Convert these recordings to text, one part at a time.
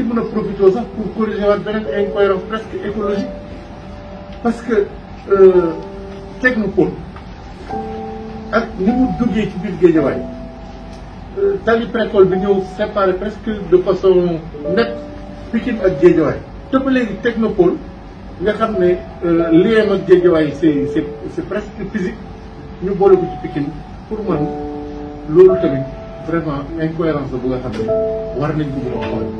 ci mën profité sax pour corriger waat beneen incohérence presque écologique parce que euh, technopole ak ni mu duggee ci biir géejawaay euh, tali précole bi ñëw séparé presque de façon nette Pikine ak géejawaay te ba léegi technopole nga xam ne euh, lien ak géejawaay c'est c'est c'est presque physique ñu boole ko ci Pikine pour moi, loolu tamit vraiment incohérence la bu nga xam ne war nañ ko mën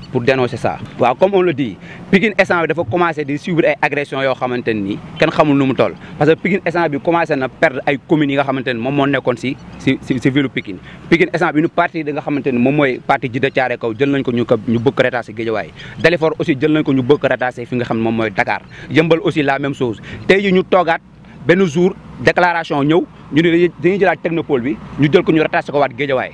pour dénoncer ça waaw comme on le dit Pikine instant bi dafa commencé di subir des agressions yoo xamante ni kenn xamul nu mu parce que Pikine instant bi commencé na perdre ay communes yi nga xamante ni moom moo nekkoon si si si si ville Pikine Pikine instant bi ñu parti da nga xamante ni moom mooy parti Djiddah Thiaroye Kaw jël nañ ko ñu ko ñu bëgg ko Guédiawaye Dalifort aussi jël nañ ko ñu bëgg ko rattaché fi nga xam ne moom mooy Dakar Yeumbeul aussi la même chose tey ji ñu toogaat benn jour déclaration ñëw ñu ne dañuy jëlaat technopole bi ñu jël ko ñu rattaché ko waat Guédiawaye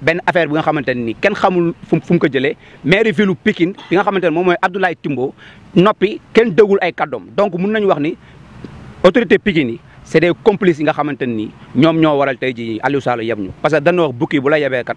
Ben affaire bi nga xamanteni ne ni kenn xamul fum ko jëlee maire ville Pikine bi nga xamanteni ne moom Abdoulaye Timbo nopi ken degul ay kàddoom donc mën nañ wax ni autorité Pikine c'est c' des complices nga xamanteni ñom ñoo waral tay ji Aliou Sall yeb parce que dañoo wax bukki bu la kat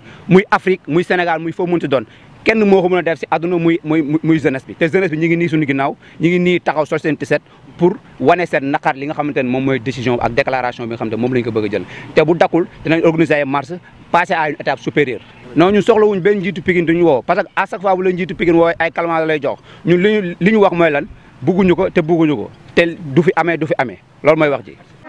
muy Afrique muy Sénégal muy foo mënti doon kenn moo ko mën a def si àdduna muy muy muy jeunesse bi te jeunesse bi ñu ngi nii suñu ginnaaw ñu ngi nii taxaw sol seen tiset pour wane seen naqar li nga xamante ne moom mooy décision ak déclaration bi nga xam ne moom la ñu ko bëgg jël te bu dakkul dinañ organiser ay marche passer à une étape supérieure non ñun soxlawuñ benn njiitu Pikine duñu woo parce que à chaque fois bu la njiitu Pikine woowee ay calmants jox ñu li ñu wax mooy lan bugguñu ko te bugguñu ko te du fi amee du fi amee loolu mooy wax ji